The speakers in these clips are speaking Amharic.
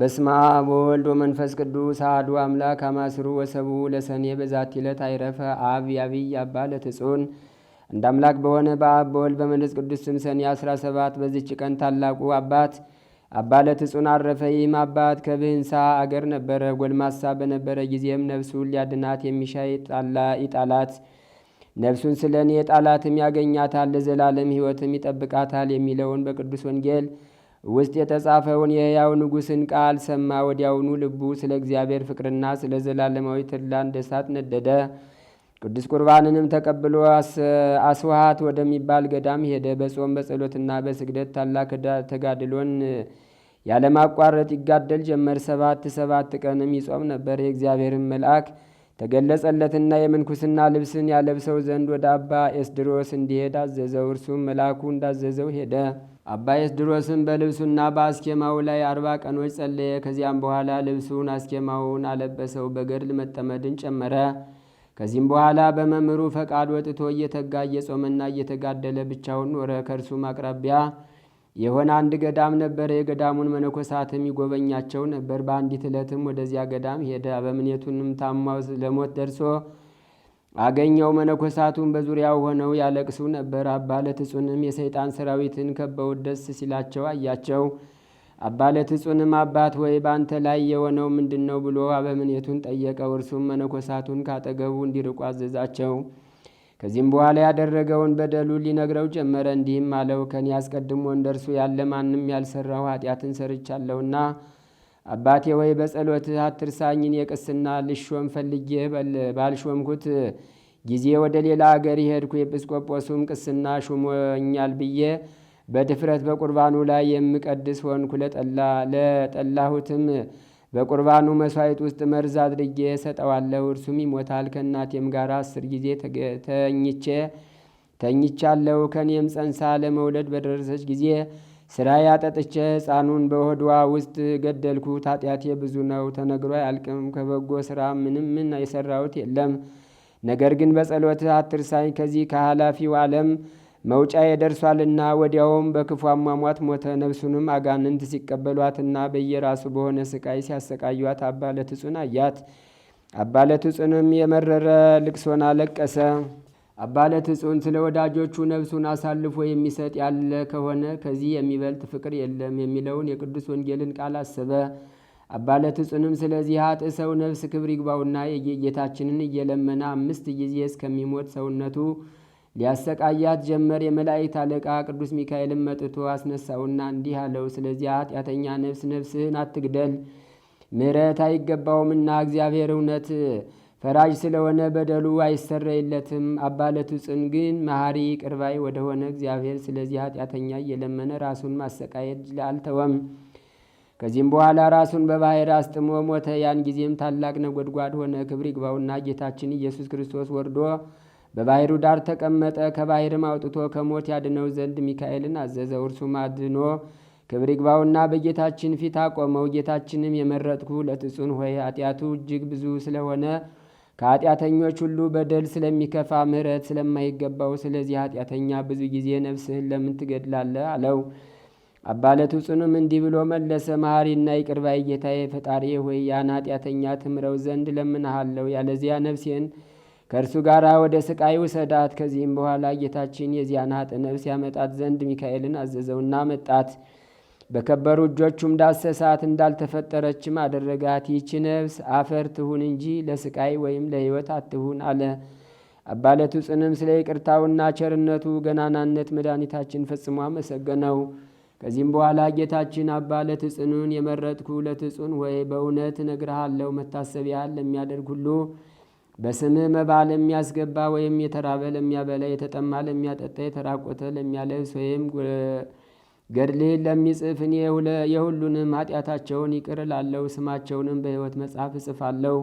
በስማ በወልድ ወመንፈስ ቅዱስ አሐዱ አምላክ አማስሩ ወሰቡ ለሰኔ በዛት ይለት አይረፈ አብ ያብይ አባ ለትጹን እንደ አምላክ በሆነ በአብ በወልድ በመንፈስ ቅዱስ ስም ሰኔ 17 በዚች ቀን ታላቁ አባት አባ ለትጹን አረፈ። ይህም አባት ከብህንሳ አገር ነበረ። ጎልማሳ በነበረ ጊዜም ነፍሱን ሊያድናት የሚሻ ይጣላት ነፍሱን ስለ እኔ ጣላትም ያገኛታል፣ ለዘላለም ሕይወትም ይጠብቃታል የሚለውን በቅዱስ ወንጌል ውስጥ የተጻፈውን የሕያው ንጉሥን ቃል ሰማ። ወዲያውኑ ልቡ ስለ እግዚአብሔር ፍቅርና ስለ ዘላለማዊ ትላን ደሳት ነደደ። ቅዱስ ቁርባንንም ተቀብሎ አስዋሃት ወደሚባል ገዳም ሄደ። በጾም በጸሎትና በስግደት ታላቅ ተጋድሎን ያለማቋረጥ ይጋደል ጀመር። ሰባት ሰባት ቀንም ይጾም ነበር። የእግዚአብሔርን መልአክ ተገለጸለትና የምንኩስና ልብስን ያለብሰው ዘንድ ወደ አባ ኤስድሮስ እንዲሄድ አዘዘው። እርሱም መልአኩ እንዳዘዘው ሄደ። አባ ኤስድሮስም በልብሱና በአስኬማው ላይ አርባ ቀኖች ጸለየ። ከዚያም በኋላ ልብሱን አስኬማውን አለበሰው፣ በገድል መጠመድን ጨመረ። ከዚህም በኋላ በመምህሩ ፈቃድ ወጥቶ እየተጋ እየጾመና እየተጋደለ ብቻውን ኖረ። ከእርሱም አቅራቢያ የሆነ አንድ ገዳም ነበረ። የገዳሙን መነኮሳትም ይጎበኛቸው ነበር። በአንዲት ዕለትም ወደዚያ ገዳም ሄደ። አበምኔቱንም ታማው ለሞት ደርሶ አገኘው። መነኮሳቱን በዙሪያው ሆነው ያለቅሱ ነበር። አባለት ለትጹንም የሰይጣን ሰራዊትን ከበው ደስ ሲላቸው አያቸው። አባለት ለትጹንም አባት ወይ በአንተ ላይ የሆነው ምንድን ነው ብሎ አበምኔቱን ጠየቀው። እርሱም መነኮሳቱን ካጠገቡ እንዲርቁ አዘዛቸው። ከዚህም በኋላ ያደረገውን በደሉ ሊነግረው ጀመረ። እንዲህም አለው፣ ከኔ አስቀድሞ እንደ እርሱ ያለ ማንም ያልሰራው ኃጢአትን ሰርቻለሁና አባቴ ወይ በጸሎትህ አትርሳኝን። የቅስና ልሾም ፈልጌ ባልሾምኩት ጊዜ ወደ ሌላ አገር ሄድኩ። ኤጲስቆጶሱም ቅስና ሹሞኛል ብዬ በድፍረት በቁርባኑ ላይ የምቀድስ ሆንኩ። ለጠላሁትም በቁርባኑ መስዋዕት ውስጥ መርዝ አድርጌ ሰጠዋለሁ እርሱም ይሞታል። ከእናቴም ጋር አስር ጊዜ ተኝቼ ተኝቻለሁ። ከኔም ጸንሳ ለመውለድ በደረሰች ጊዜ ስራ ያጠጥቼ ሕፃኑን በሆድዋ ውስጥ ገደልኩት። ኃጢአቴ ብዙ ነው፣ ተነግሮ አያልቅም። ከበጎ ስራ ምንም ምን የሰራሁት የለም። ነገር ግን በጸሎት አትርሳኝ፣ ከዚህ ከኃላፊው ዓለም መውጫ የደርሷልና ወዲያውም በክፉ አሟሟት ሞተ። ነፍሱንም አጋንንት ሲቀበሏትና በየራሱ በሆነ ስቃይ ሲያሰቃዩት አባ ለትጹን አያት። አባ ለትጹንም የመረረ ልቅሶን አለቀሰ። አባ ለትጹን ስለ ወዳጆቹ ነፍሱን አሳልፎ የሚሰጥ ያለ ከሆነ ከዚህ የሚበልጥ ፍቅር የለም የሚለውን የቅዱስ ወንጌልን ቃል አሰበ። አባ ለትጹንም ስለዚህ አጥ ሰው ነፍስ ክብር ይግባውና የጌታችንን እየለመነ አምስት ጊዜ እስከሚሞት ሰውነቱ ሊያሰቃያት ጀመር። የመላእክት አለቃ ቅዱስ ሚካኤልን መጥቶ አስነሳውና እንዲህ አለው፣ ስለዚህ ኃጢአተኛ ነፍስ ነፍስህን አትግደል፣ ምሕረት አይገባውምና እግዚአብሔር እውነት ፈራጅ ስለሆነ በደሉ አይሰረይለትም። አባለቱ ጽን ግን መሐሪ ቅርባይ ወደሆነ እግዚአብሔር ስለዚህ ኃጢአተኛ እየለመነ ራሱን ማሰቃየት አልተወም። ከዚህም በኋላ ራሱን በባህር አስጥሞ ሞተ። ያን ጊዜም ታላቅ ነጎድጓድ ሆነ። ክብር ይግባውና ጌታችን ኢየሱስ ክርስቶስ ወርዶ በባህሩ ዳር ተቀመጠ። ከባህርም አውጥቶ ከሞት ያድነው ዘንድ ሚካኤልን አዘዘ እርሱም አድኖ ክብር ይግባውና በጌታችን ፊት አቆመው። ጌታችንም የመረጥኩ ለትጹን ሆይ ኃጢአቱ እጅግ ብዙ ስለሆነ ከኃጢአተኞች ሁሉ በደል ስለሚከፋ ምሕረት ስለማይገባው ስለዚህ ኃጢአተኛ ብዙ ጊዜ ነፍስህን ለምን ትገድላለህ? አለው። አባ ለትጹንም እንዲህ ብሎ መለሰ። መሐሪና ይቅር ጌታዬ ፈጣሪ ሆይ ያን ኃጢአተኛ ትምረው ዘንድ ለምንሃለው፣ ያለዚያ ነፍሴን ከእርሱ ጋር ወደ ስቃይ ውሰዳት። ከዚህም በኋላ ጌታችን የዚያን ሀጥ ያመጣት ዘንድ ሚካኤልን አዘዘውና መጣት። በከበሩ እጆቹም ዳሰሳት፣ እንዳልተፈጠረችም አደረጋት። ይቺ ነፍስ አፈር ትሁን እንጂ ለስቃይ ወይም ለሕይወት አትሁን አለ። አባለቱ ጽንም ስለ ይቅርታውና ቸርነቱ ገናናነት መድኃኒታችን ፈጽሞ አመሰገነው። ከዚህም በኋላ ጌታችን አባ ለትጽኑን የመረጥኩ ለትጹን ወይ በእውነት እነግርሃለሁ መታሰቢያ ለሚያደርግ ሁሉ በስምህ መባ ለሚያስገባ ወይም የተራበ ለሚያበላ፣ የተጠማ ለሚያጠጣ፣ የተራቆተ ለሚያለብስ ወይም ገድልህን ለሚጽፍ እኔ የሁሉንም ኃጢአታቸውን ይቅር ስማቸውንም በሕይወት መጽሐፍ እጽፋለሁ፣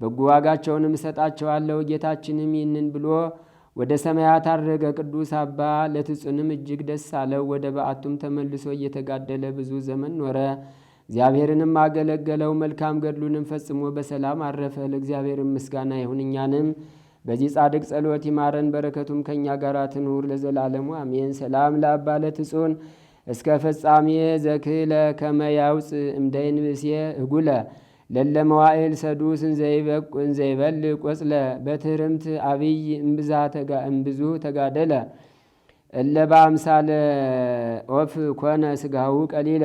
በጎ ዋጋቸውንም እሰጣቸዋለሁ። ጌታችንም ይህንን ብሎ ወደ ሰማያት አረገ። ቅዱስ አባ ለትጹንም እጅግ ደስ አለው። ወደ በዓቱም ተመልሶ እየተጋደለ ብዙ ዘመን ኖረ። እግዚአብሔርንም አገለገለው። መልካም ገድሉንም ፈጽሞ በሰላም አረፈ። ለእግዚአብሔር ምስጋና ይሁን፣ እኛንም በዚህ ጻድቅ ጸሎት ይማረን፣ በረከቱም ከእኛ ጋር ትኑር ለዘላለሙ አሜን። ሰላም ለአባለት ትጹን እስከ ፍጻሜ ዘክለ ከመያውፅ እምደይንብሴ እጉለ ለለመዋኤል ሰዱስ እንዘይበል ቆጽለ በትርምት አብይ እምብዙ ተጋደለ እለባ በአምሳለ ኦፍ ኮነ ስጋው ቀሊለ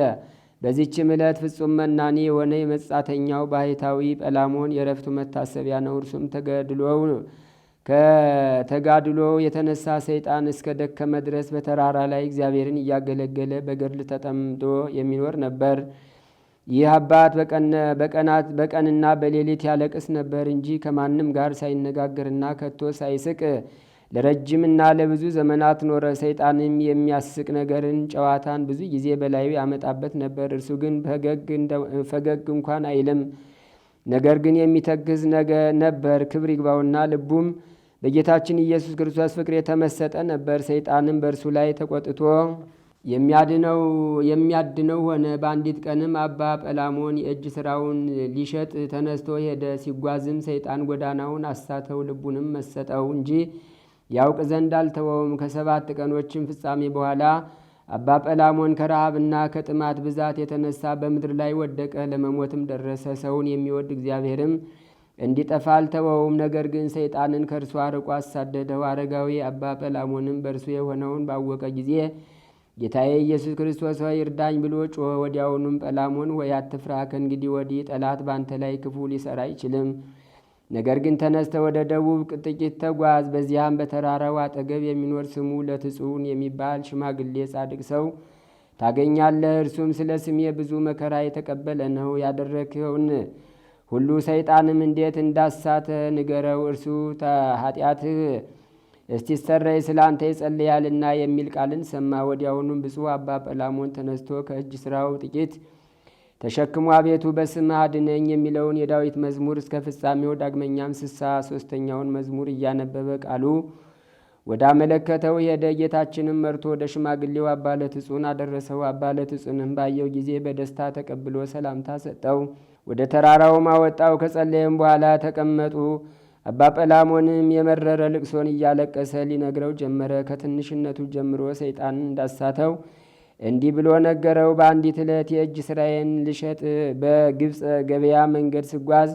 በዚችም ዕለት ፍጹም መናኔ የሆነ የመጻተኛው ባህታዊ ጰላሞን የረፍቱ መታሰቢያ ነው። እርሱም ተገድሎው ከተጋድሎ የተነሳ ሰይጣን እስከ ደከመ ድረስ በተራራ ላይ እግዚአብሔርን እያገለገለ በገድል ተጠምዶ የሚኖር ነበር። ይህ አባት በቀናት በቀንና በሌሊት ያለቅስ ነበር እንጂ ከማንም ጋር ሳይነጋገርና ከቶ ሳይስቅ ለረጅምና ለብዙ ዘመናት ኖረ። ሰይጣንም የሚያስቅ ነገርን፣ ጨዋታን ብዙ ጊዜ በላዩ ያመጣበት ነበር። እርሱ ግን ፈገግ እንኳን አይልም። ነገር ግን የሚተግዝ ነበር። ክብር ይግባውና ልቡም በጌታችን ኢየሱስ ክርስቶስ ፍቅር የተመሰጠ ነበር። ሰይጣንም በእርሱ ላይ ተቆጥቶ የሚያድነው የሚያድነው ሆነ። በአንዲት ቀንም አባ ጰላሞን የእጅ ስራውን ሊሸጥ ተነስቶ ሄደ። ሲጓዝም ሰይጣን ጎዳናውን አሳተው፣ ልቡንም መሰጠው እንጂ ያውቅ ዘንድ አልተወውም። ከሰባት ቀኖችም ፍጻሜ በኋላ አባ ጰላሞን ከረሃብና ከጥማት ብዛት የተነሳ በምድር ላይ ወደቀ፣ ለመሞትም ደረሰ። ሰውን የሚወድ እግዚአብሔርም እንዲጠፋ አልተወውም። ነገር ግን ሰይጣንን ከእርሱ አርቆ አሳደደው። አረጋዊ አባ ጰላሞንም በእርሱ የሆነውን ባወቀ ጊዜ ጌታዬ ኢየሱስ ክርስቶስ ሆይ እርዳኝ ብሎ ጮኸ። ወዲያውኑም ጰላሞን ሆይ አትፍራ፣ ከእንግዲህ ወዲህ ጠላት ባንተ ላይ ክፉ ሊሰራ አይችልም ነገር ግን ተነስተ ወደ ደቡብ ጥቂት ተጓዝ። በዚያም በተራራው አጠገብ የሚኖር ስሙ ለትጹን የሚባል ሽማግሌ ጻድቅ ሰው ታገኛለህ። እርሱም ስለ ስሜ ብዙ መከራ የተቀበለ ነው። ያደረግኸውን ሁሉ ሰይጣንም እንዴት እንዳሳተ ንገረው። እርሱ ኃጢአትህ እስቲሰረይ ስለ አንተ ይጸልያልና የሚል ቃልን ሰማ። ወዲያውኑም ብፁዕ አባ ጰላሞን ተነስቶ ከእጅ ስራው ጥቂት ተሸክሞ አቤቱ በስም አድነኝ የሚለውን የዳዊት መዝሙር እስከ ፍጻሜው ዳግመኛም ስሳ ሶስተኛውን መዝሙር እያነበበ ቃሉ ወዳመለከተው ሄደ። ጌታችንም መርቶ ወደ ሽማግሌው አባለት ጹን አደረሰው። አባለት ጹንም ባየው ጊዜ በደስታ ተቀብሎ ሰላምታ ሰጠው። ወደ ተራራውም አወጣው። ከጸለየም በኋላ ተቀመጡ። አባ ጰላሞንም የመረረ ልቅሶን እያለቀሰ ሊነግረው ጀመረ። ከትንሽነቱ ጀምሮ ሰይጣን እንዳሳተው እንዲህ ብሎ ነገረው። በአንዲት ዕለት የእጅ ሥራዬን ልሸጥ በግብፅ ገበያ መንገድ ስጓዝ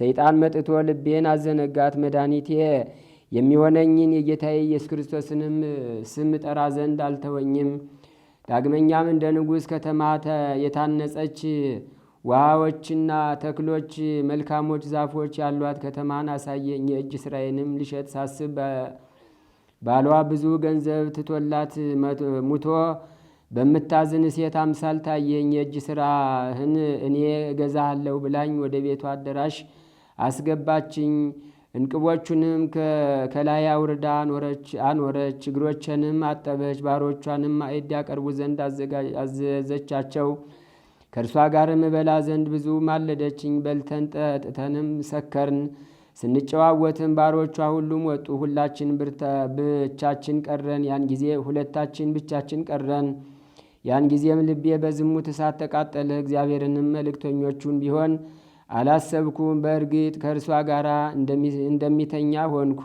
ሰይጣን መጥቶ ልቤን አዘነጋት። መድኃኒቴ የሚሆነኝን የጌታዬ ኢየሱስ ክርስቶስንም ስም ጠራ ዘንድ አልተወኝም። ዳግመኛም እንደ ንጉሥ ከተማ የታነጸች ውሃዎችና ተክሎች መልካሞች ዛፎች ያሏት ከተማን አሳየኝ። የእጅ ሥራዬንም ልሸጥ ሳስብ ባሏ ብዙ ገንዘብ ትቶላት ሙቶ በምታዝን ሴት አምሳል ታየኝ። የእጅ ስራህን እኔ እገዛሃለሁ ብላኝ ወደ ቤቷ አዳራሽ አስገባችኝ። እንቅቦቹንም ከላይ አውርዳ አኖረች። እግሮቼንም አጠበች። ባሮቿንም ማዕድ ያቀርቡ ዘንድ አዘዘቻቸው። ከእርሷ ጋርም እበላ ዘንድ ብዙ ማለደችኝ። በልተን ጠጥተንም ሰከርን። ስንጨዋወትም ባሮቿ ሁሉም ወጡ። ሁላችን ብቻችን ቀረን። ያን ጊዜ ሁለታችን ብቻችን ቀረን። ያን ጊዜም ልቤ በዝሙት እሳት ተቃጠለ። እግዚአብሔርንም መልእክተኞቹን ቢሆን አላሰብኩም። በእርግጥ ከእርሷ ጋር እንደሚተኛ ሆንኩ።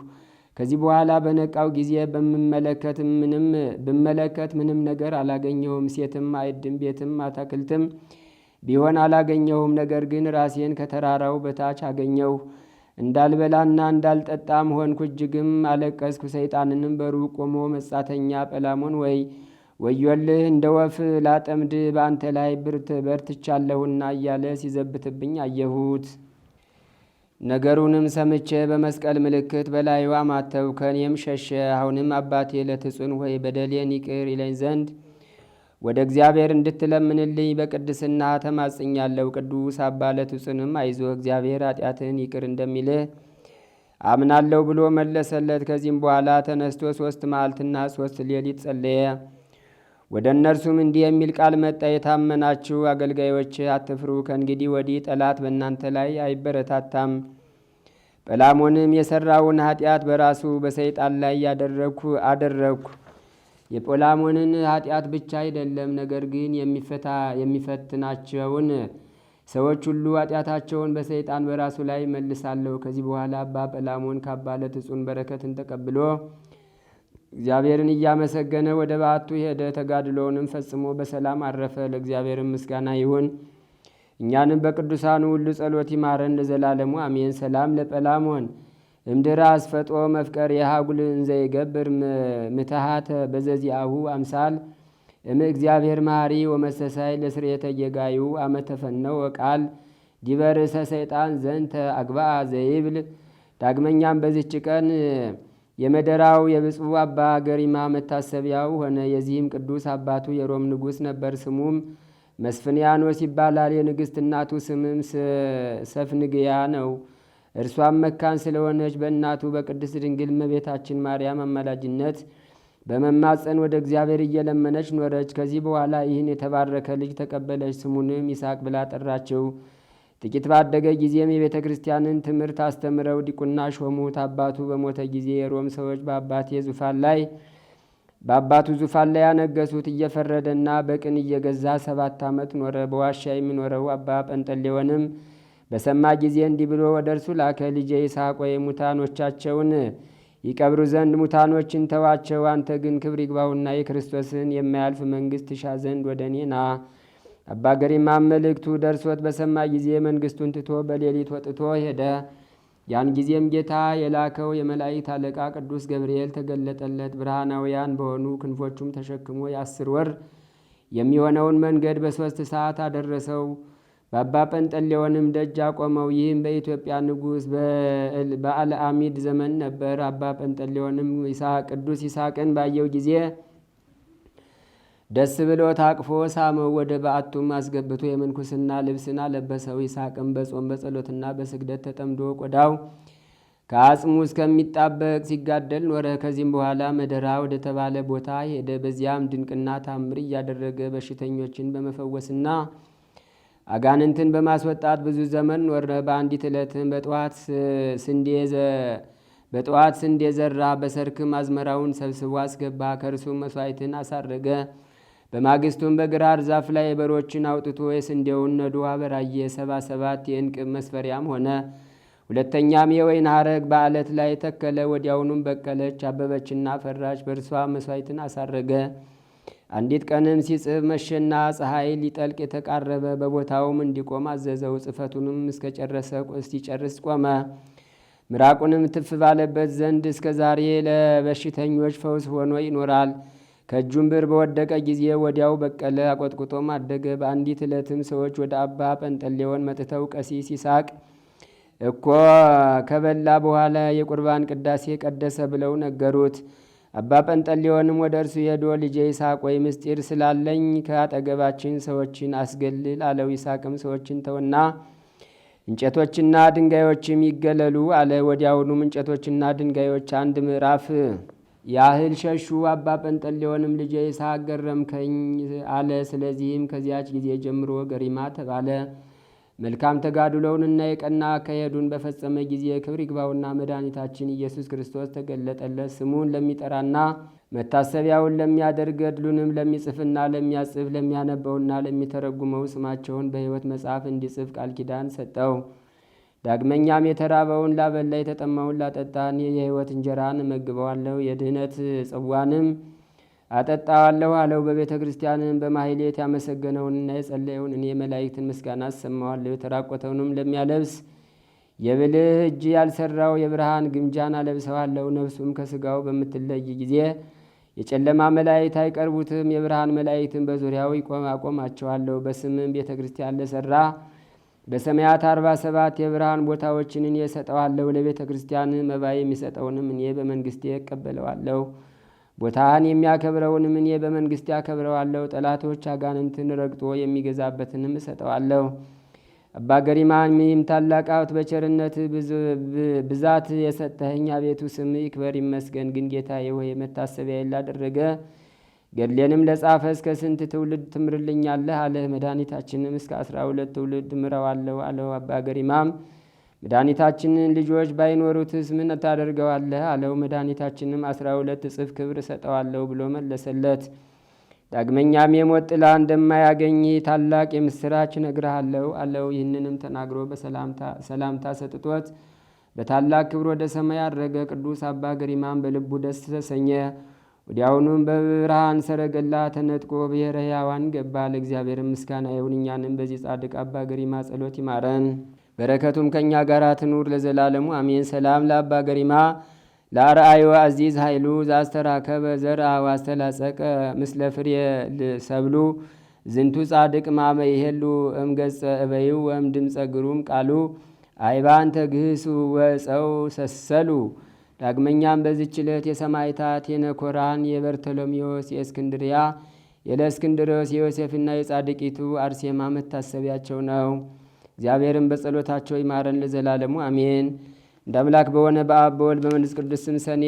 ከዚህ በኋላ በነቃው ጊዜ በምመለከት ምንም ብመለከት ምንም ነገር አላገኘሁም። ሴትም አይድም፣ ቤትም አታክልትም ቢሆን አላገኘሁም። ነገር ግን ራሴን ከተራራው በታች አገኘሁ። እንዳልበላና እንዳልጠጣም ሆንኩ። እጅግም አለቀስኩ። ሰይጣንንም በሩቅ ቆሞ መጻተኛ ጰላሞን ወይ ወዮልህ እንደ ወፍ ላጠምድ በአንተ ላይ ብርት በርትቻለሁና እያለ ሲዘብትብኝ አየሁት። ነገሩንም ሰምቼ በመስቀል ምልክት በላዩ አማተው ከኔም ሸሸ። አሁንም አባቴ ለትጹን ወይ በደሌን ይቅር ይለኝ ዘንድ ወደ እግዚአብሔር እንድትለምንልኝ በቅድስና ተማጽኛለሁ። ቅዱስ አባ ለትጹንም አይዞ እግዚአብሔር ኃጢአትን ይቅር እንደሚልህ አምናለሁ ብሎ መለሰለት። ከዚህም በኋላ ተነስቶ ሶስት መዓልትና ሶስት ሌሊት ጸለየ። ወደ እነርሱም እንዲህ የሚል ቃል መጣ። የታመናችሁ አገልጋዮች አትፍሩ። ከእንግዲህ ወዲህ ጠላት በእናንተ ላይ አይበረታታም። በላሞንም የሠራውን ኃጢአት በራሱ በሰይጣን ላይ ያደረግኩ አደረግኩ። የጶላሞንን ኃጢአት ብቻ አይደለም፣ ነገር ግን የሚፈትናቸውን ሰዎች ሁሉ ኃጢአታቸውን በሰይጣን በራሱ ላይ መልሳለሁ። ከዚህ በኋላ አባ ጰላሞን ካባለ እጹን በረከትን ተቀብሎ እግዚአብሔርን እያመሰገነ ወደ በዓቱ ሄደ። ተጋድሎውንም ፈጽሞ በሰላም አረፈ። ለእግዚአብሔር ምስጋና ይሁን። እኛንም በቅዱሳኑ ሁሉ ጸሎት ይማረን ለዘላለሙ አሜን። ሰላም ለጰላሞን እምድር አስፈጦ መፍቀር የሃጉል እንዘይገብር ምትሃተ በዘዚአሁ አምሳል እም እግዚአብሔር መሐሪ ወመሰሳይ ለስርየተ ጌጋዩ አመተፈነው ቃል ዲበርሰ ሰይጣን ዘንተ አግባአ ዘይብል ዳግመኛም በዚች ቀን የመደራው የብፁ አባ ገሪማ መታሰቢያው ሆነ። የዚህም ቅዱስ አባቱ የሮም ንጉሥ ነበር። ስሙም መስፍንያኖስ ይባላል። የንግሥት እናቱ ስምም ሰፍንግያ ነው። እርሷም መካን ስለሆነች በእናቱ በቅድስት ድንግል እመቤታችን ማርያም አማላጅነት በመማፀን ወደ እግዚአብሔር እየለመነች ኖረች። ከዚህ በኋላ ይህን የተባረከ ልጅ ተቀበለች። ስሙንም ይስሐቅ ብላ ጠራችው። ጥቂት ባደገ ጊዜም የቤተ ክርስቲያንን ትምህርት አስተምረው ዲቁና ሾሙት። አባቱ በሞተ ጊዜ የሮም ሰዎች በአባቴ ዙፋን ላይ በአባቱ ዙፋን ላይ ያነገሱት። እየፈረደና በቅን እየገዛ ሰባት ዓመት ኖረ። በዋሻ የሚኖረው አባ ጰንጠሌዎንም በሰማ ጊዜ እንዲህ ብሎ ወደ እርሱ ላከ። ልጄ ይስሐቅ ሙታኖቻቸውን ይቀብሩ ዘንድ ሙታኖችን ተዋቸው። አንተ ግን ክብር ይግባውና የክርስቶስን የማያልፍ መንግሥት ትሻ ዘንድ ወደ እኔ ና አባ ገሪማ መልእክቱ ደርሶት በሰማ ጊዜ መንግስቱን ትቶ በሌሊት ወጥቶ ሄደ። ያን ጊዜም ጌታ የላከው የመላእክት አለቃ ቅዱስ ገብርኤል ተገለጠለት። ብርሃናውያን በሆኑ ክንፎቹም ተሸክሞ የአስር ወር የሚሆነውን መንገድ በሦስት ሰዓት አደረሰው። በአባ ጰንጠሌዎንም ደጅ አቆመው። ይህም በኢትዮጵያ ንጉሥ በአልአሚድ ዘመን ነበር። አባ ጰንጠሌዎንም ቅዱስ ይሳቅን ባየው ጊዜ ደስ ብሎ ታቅፎ ሳመው። ወደ በዓቱም አስገብቶ የምንኩስና ልብስና ለበሰው። ይስሐቅም በጾም በጸሎትና በስግደት ተጠምዶ ቆዳው ከአጽሙ እስከሚጣበቅ ሲጋደል ኖረ። ከዚህም በኋላ መደራ ወደ ተባለ ቦታ ሄደ። በዚያም ድንቅና ታምር እያደረገ በሽተኞችን በመፈወስና አጋንንትን በማስወጣት ብዙ ዘመን ኖረ። በአንዲት ዕለትም በጠዋት ስንዴ በጠዋት ስንዴ ዘራ። በሰርክም አዝመራውን ሰብስቦ አስገባ። ከእርሱም መስዋዕትን አሳረገ። በማግስቱም በግራር ዛፍ ላይ በሮችን አውጥቶ የስንዴውን ነዶ አበራየ። ሰባ ሰባት የእንቅብ መስፈሪያም ሆነ። ሁለተኛም የወይን ሐረግ በአለት ላይ ተከለ። ወዲያውኑም በቀለች፣ አበበችና ፈራች። በእርሷ መስዋዕትን አሳረገ። አንዲት ቀንም ሲጽፍ መሸና ፀሐይ ሊጠልቅ የተቃረበ በቦታውም እንዲቆም አዘዘው። ጽፈቱንም እስከጨረሰ ሲጨርስ ቆመ። ምራቁንም ትፍ ባለበት ዘንድ እስከ ዛሬ ለበሽተኞች ፈውስ ሆኖ ይኖራል። ከእጁም ብር በወደቀ ጊዜ ወዲያው በቀለ፣ አቆጥቁጦም አደገ። በአንዲት ዕለትም ሰዎች ወደ አባ ጰንጠሌዎን መጥተው ቀሲስ ይሳቅ እኮ ከበላ በኋላ የቁርባን ቅዳሴ ቀደሰ ብለው ነገሩት። አባ ጰንጠሌዎንም ወደ እርሱ ሄዶ ልጄ ይሳቅ ወይ ምስጢር ስላለኝ ከአጠገባችን ሰዎችን አስገልል አለው። ይሳቅም ሰዎችን ተውና እንጨቶችና ድንጋዮችም ይገለሉ አለ። ወዲያውኑም እንጨቶችና ድንጋዮች አንድ ምዕራፍ ያህል ሸሹ። አባ ጰንጠሌዎንም ልጄ ይስሐቅ ገረምከኝ አለ። ስለዚህም ከዚያች ጊዜ ጀምሮ ገሪማ ተባለ። መልካም ተጋድሎውንና የቀና አካሄዱን በፈጸመ ጊዜ ክብር ይግባውና መድኃኒታችን ኢየሱስ ክርስቶስ ተገለጠለት። ስሙን ለሚጠራና መታሰቢያውን ለሚያደርግ ገድሉንም ለሚጽፍና ለሚያጽፍ ለሚያነበውና ለሚተረጉመው ስማቸውን በሕይወት መጽሐፍ እንዲጽፍ ቃል ኪዳን ሰጠው። ዳግመኛም የተራበውን ላበላ የተጠማውን ላጠጣን የህይወት እንጀራን መግበዋለሁ የድህነት ጽዋንም አጠጣዋለሁ አለው። በቤተ ክርስቲያንም በማሕሌት ያመሰገነውንና የጸለየውን እኔ መላእክትን ምስጋና አሰማዋለሁ። የተራቆተውንም ለሚያለብስ የብልህ እጅ ያልሰራው የብርሃን ግምጃን አለብሰዋለሁ። ነፍሱም ከስጋው በምትለይ ጊዜ የጨለማ መላእክት አይቀርቡትም፣ የብርሃን መላእክትን በዙሪያው አቆማቸዋለሁ። በስምም ቤተ ክርስቲያን ለሰራ በሰማያት አርባ ሰባት የብርሃን ቦታዎችን እኔ እሰጠዋለሁ። ለቤተ ክርስቲያን መባ የሚሰጠውንም እኔ በመንግስቴ እቀበለዋለሁ። ቦታን የሚያከብረውንም እኔ በመንግስቴ አከብረዋለሁ። ጠላቶች አጋንንትን ረግጦ የሚገዛበትንም እሰጠዋለሁ። አባ ገሪማን ሚም ታላቅ ሀብት በቸርነት ብዛት የሰጠኸኝ አቤቱ ስም ይክበር ይመስገን። ግን ጌታዬ ሆይ መታሰቢያ ላደረገ ገድሌንም ለጻፈ እስከ ስንት ትውልድ ትምርልኛለህ አለ። መድኃኒታችንም እስከ አስራ ሁለት ትውልድ ምረዋለሁ አለው። አባ ገሪማም መድኃኒታችንን ልጆች ባይኖሩትስ ምን ታደርገዋለህ አለው። መድኃኒታችንም አስራ ሁለት እጽፍ ክብር እሰጠዋለሁ ብሎ መለሰለት። ዳግመኛም የሞት ጥላ እንደማያገኝ ታላቅ የምስራች እነግርሃለሁ አለው። ይህንንም ተናግሮ በሰላምታ ሰጥቶት በታላቅ ክብር ወደ ሰማይ አድረገ። ቅዱስ አባ ገሪማም በልቡ ደስ ተሰኘ። ወዲያውኑም በብርሃን ሰረገላ ተነጥቆ ብሔረ ሕያዋን ገባ። ለእግዚአብሔር ምስጋና ይሁን፣ እኛንም በዚህ ጻድቅ አባ ገሪማ ጸሎት ይማረን፣ በረከቱም ከእኛ ጋር ትኑር ለዘላለሙ አሜን። ሰላም ለአባ ገሪማ ለአርአዩ አዚዝ ኃይሉ ዛስተራከበ ዘርአ ዋስተላጸቀ ምስለ ፍሬ ሰብሉ ዝንቱ ጻድቅ ማመ ይሄሉ እም ገጸ እበይው ወም ድምፀ ግሩም ቃሉ አይባንተ ግህሱ ወፀው ሰሰሉ ዳግመኛም በዚች ዕለት የሰማይታት የነኮራን የበርተሎሜዎስ፣ የእስክንድሪያ የለእስክንድሮስ የዮሴፍና የጻድቂቱ አርሴማ መታሰቢያቸው ነው። እግዚአብሔርም በጸሎታቸው ይማረን ለዘላለሙ አሜን። እንደ አምላክ በሆነ በአብ በወልድ በመንፈስ ቅዱስ ስም ሰኔ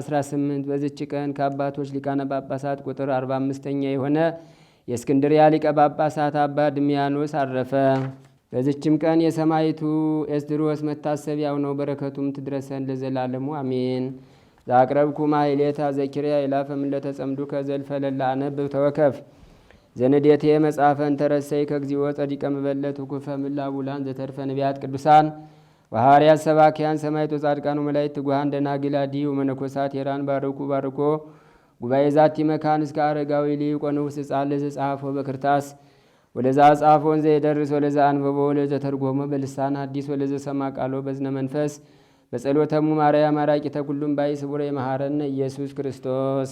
18 በዚች ቀን ከአባቶች ሊቃነ ጳጳሳት ቁጥር 45ኛ የሆነ የእስክንድሪያ ሊቀ ጳጳሳት አባ ድሚያኖስ አረፈ። በዚችም ቀን የሰማይቱ ኤስድሮስ መታሰቢያው ነው። በረከቱም ትድረሰን ለዘላለሙ አሜን። ዛቅረብኩ ማይሌታ ዘኪርያ ይላፈም ለተጸምዱ ከዘልፈለላ አነብብ ተወከፍ ዘንዴቴ መጻፈን ተረሰይ ከግዚኦ ጸዲቀ መበለት ኩፈ ምላቡላን ዘተርፈ ነቢያት ቅዱሳን ባህርያት ሰባኪያን ሰማይቶ ጻድቃኑ መላይት ትጉሃን ደናግል አዲሁ መነኮሳት ሄራን ባርኩ ባርኮ ጉባኤ ዛቲ መካን እስከ አረጋዊ ሊቆ ንዑስ ጻለ ዘጸሐፎ በክርታስ ወለዛ ጻፎ ወንዘ የደርስ ወለዛ አንበቦ ወለዘ ተርጎሞ በልሳን አዲስ ወለዘ ሰማ ቃሎ በዝነ መንፈስ በጸሎተሙ ማርያም አራቂ ተኩሉም ባይ ስቡረ የመሐረነ ኢየሱስ ክርስቶስ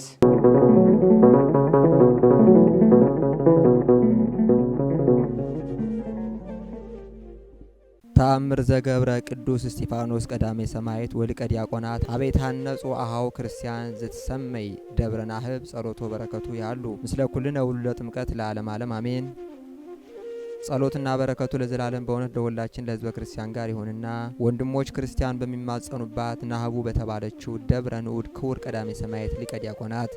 ተአምር ዘገብረ ቅዱስ እስጢፋኖስ ቀዳሜ ሰማዕት ወልቀ ዲያቆናት አቤታነጹ ይታነጹ ክርስቲያን ዘተሰመይ ደብረ ናህብ ጸሎቶ በረከቱ ያሉ ምስለ ኩልነ ለዓለም ዓለም አሜን። ጸሎትና በረከቱ ለዘላለም በእውነት ለሁላችን ለህዝበ ክርስቲያን ጋር ይሁንና ወንድሞች ክርስቲያን በሚማጸኑባት ናህቡ በተባለችው ደብረ ንዑድ ክቡር ቀዳሜ ሰማዕት ሊቀ ዲያቆናት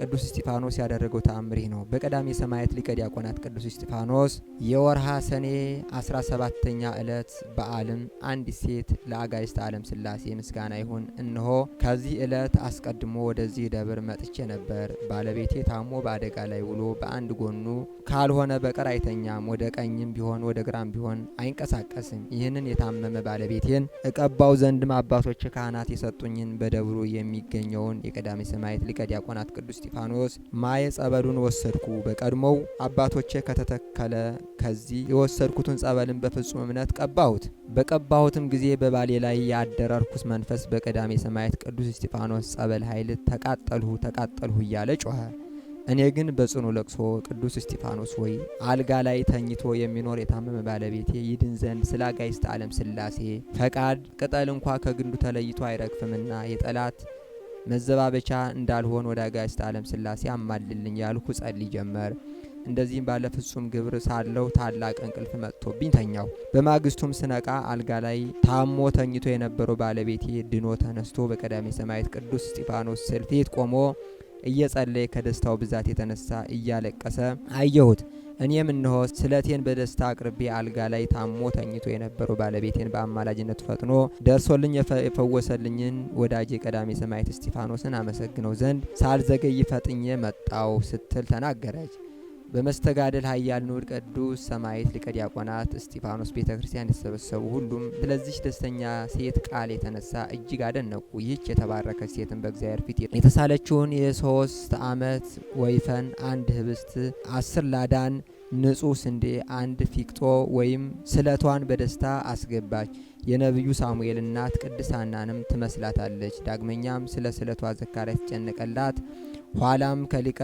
ቅዱስ እስጢፋኖስ ያደረገው ተአምር ይህ ነው። በቀዳሜ ሰማያት ሊቀ ዲያቆናት ቅዱስ እስጢፋኖስ የወርሃ ሰኔ 17ኛ ዕለት በዓልም አንዲት ሴት ለአጋዕዝተ ዓለም ሥላሴ ምስጋና ይሁን፣ እነሆ ከዚህ ዕለት አስቀድሞ ወደዚህ ደብር መጥቼ ነበር። ባለቤቴ ታሞ በአደጋ ላይ ውሎ በአንድ ጎኑ ካልሆነ በቀር አይተኛም። ወደ ቀኝም ቢሆን ወደ ግራም ቢሆን አይንቀሳቀስም። ይህንን የታመመ ባለቤቴን እቀባው ዘንድም አባቶች ካህናት የሰጡኝን በደብሩ የሚገኘውን የቀዳሚ ሰማያት ሊቀ ዲያቆናት ቅዱስ እስጢፋኖስ ማየ ጸበሉን ወሰድኩ። በቀድሞው አባቶቼ ከተተከለ ከዚህ የወሰድኩትን ጸበልን በፍጹም እምነት ቀባሁት። በቀባሁትም ጊዜ በባሌ ላይ ያደረ ርኩስ መንፈስ በቀዳሜ ሰማያት ቅዱስ እስጢፋኖስ ጸበል ኃይል ተቃጠልሁ ተቃጠልሁ እያለ ጮኸ። እኔ ግን በጽኑ ለቅሶ ቅዱስ እስጢፋኖስ ሆይ አልጋ ላይ ተኝቶ የሚኖር የታመመ ባለቤቴ ይድን ዘንድ ስለ አጋዕዝተ ዓለም ሥላሴ ፈቃድ ቅጠል እንኳ ከግንዱ ተለይቶ አይረግፍምና የጠላት መዘባበቻ እንዳልሆን ወደ አጋዕዝተ ዓለም ስላሴ አማልልኝ ያልኩ ጸልይ ጀመር። እንደዚህም ባለ ፍጹም ግብር ሳለው ታላቅ እንቅልፍ መጥቶብኝ ተኛው። በማግስቱም ስነቃ አልጋ ላይ ታሞ ተኝቶ የነበረው ባለቤቴ ድኖ ተነስቶ በቀዳሜ ሰማዕት ቅዱስ እስጢፋኖስ ስዕል ፊት ቆሞ እየጸለየ ከደስታው ብዛት የተነሳ እያለቀሰ አየሁት። እኔም እንሆ ስለቴን በደስታ አቅርቤ አልጋ ላይ ታሞ ተኝቶ የነበረው ባለቤቴን በአማላጅነቱ ፈጥኖ ደርሶልኝ የፈወሰልኝን ወዳጄ ቀዳሜ ሰማዕት እስጢፋኖስን አመሰግነው ዘንድ ሳልዘገይ ፈጥኜ መጣው ስትል ተናገረች። በመስተጋደል ኃያል ኑር ቅዱስ ሰማዕት ሊቀ ዲያቆናት እስጢፋኖስ ቤተ ክርስቲያን የተሰበሰቡ ሁሉም ስለዚች ደስተኛ ሴት ቃል የተነሳ እጅግ አደነቁ። ይህች የተባረከች ሴትን በእግዚአብሔር ፊት የተሳለችውን የሶስት ዓመት ወይፈን አንድ ህብስት አስር ላዳን ንጹህ ስንዴ አንድ ፊቅጦ ወይም ስለቷን በደስታ አስገባች። የነቢዩ ሳሙኤል እናት ቅድስት ሐናንም ትመስላታለች። ዳግመኛም ስለ ስለቷ ዘካርያስ ትጨነቀላት ኋላም ከሊቀ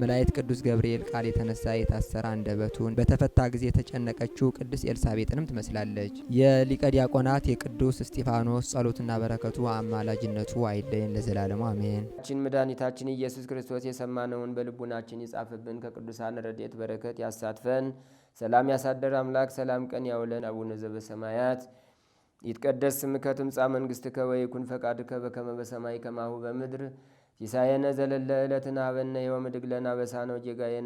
መላእክት ቅዱስ ገብርኤል ቃል የተነሳ የታሰረ አንደበቱን በተፈታ ጊዜ የተጨነቀችው ቅድስት ኤልሳቤጥንም ትመስላለች። የሊቀ ዲያቆናት የቅዱስ እስጢፋኖስ ጸሎትና በረከቱ አማላጅነቱ አይለየን ለዘላለሙ አሜን። ችን መድኃኒታችን ኢየሱስ ክርስቶስ የሰማነውን በልቡናችን ይጻፍብን፣ ከቅዱሳን ረድኤት በረከት ያሳትፈን። ሰላም ያሳደር አምላክ ሰላም ቀን ያውለን። አቡነ ዘበሰማያት ይትቀደስ ስምከ ትምጻእ መንግሥትከ ወይኩን ፈቃድከ በከመ በሰማይ ከማሁ በምድር ሲሳየነ ዘለለ ዕለትን ሀበነ ህወም ድግለና በሳነው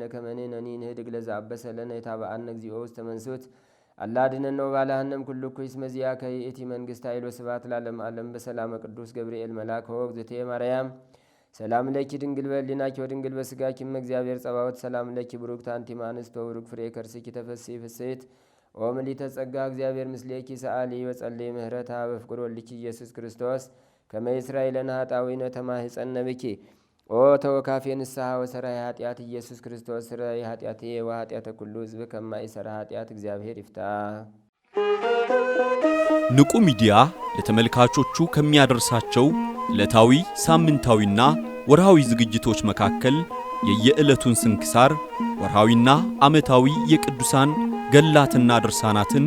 ነኒ ከመኔነኒ ንህድግ ለዛአበሰለነ የታበአነ እግዚኦ ውስተ መንሱት አላድነን ነው ባላህንም ኩልኩ ይስመዚያ ከይእቲ መንግስት ኃይሎ ስባት ላለም አለም በሰላመ ቅዱስ ገብርኤል መላክ ሆ እግዝእቴ ማርያም ሰላም ለኪ ድንግል በሊናኪ ወድንግል በስጋኪም እግዚአብሔር ጸባዖት ሰላም ለኪ ብሩክት አንቲ እምአንስት ወብሩክ ፍሬ ከርስኪ ተፈሲ ፍሥሕት ኦምሊ ምልዕተ ጸጋ እግዚአብሔር ምስሌኪ ሰአሊ ወጸልይ ምህረታ በፍቅር ልኪ ኢየሱስ ክርስቶስ ከመ እስራኤልን ኃጣዊነ ተማህፀነ ብኪ ኦ ተወካፌ ንስሐ ወሰራይ ኃጢአት ኢየሱስ ክርስቶስ ስራይ ኃጢአት ወኃጢአተ ኩሉ ህዝብ ከማይሰራ ኃጢአት እግዚአብሔር ይፍታ። ንቁ ሚዲያ ለተመልካቾቹ ከሚያደርሳቸው ዕለታዊ ሳምንታዊና ወርሃዊ ዝግጅቶች መካከል የየዕለቱን ስንክሳር ወርሃዊና ዓመታዊ የቅዱሳን ገላትና ድርሳናትን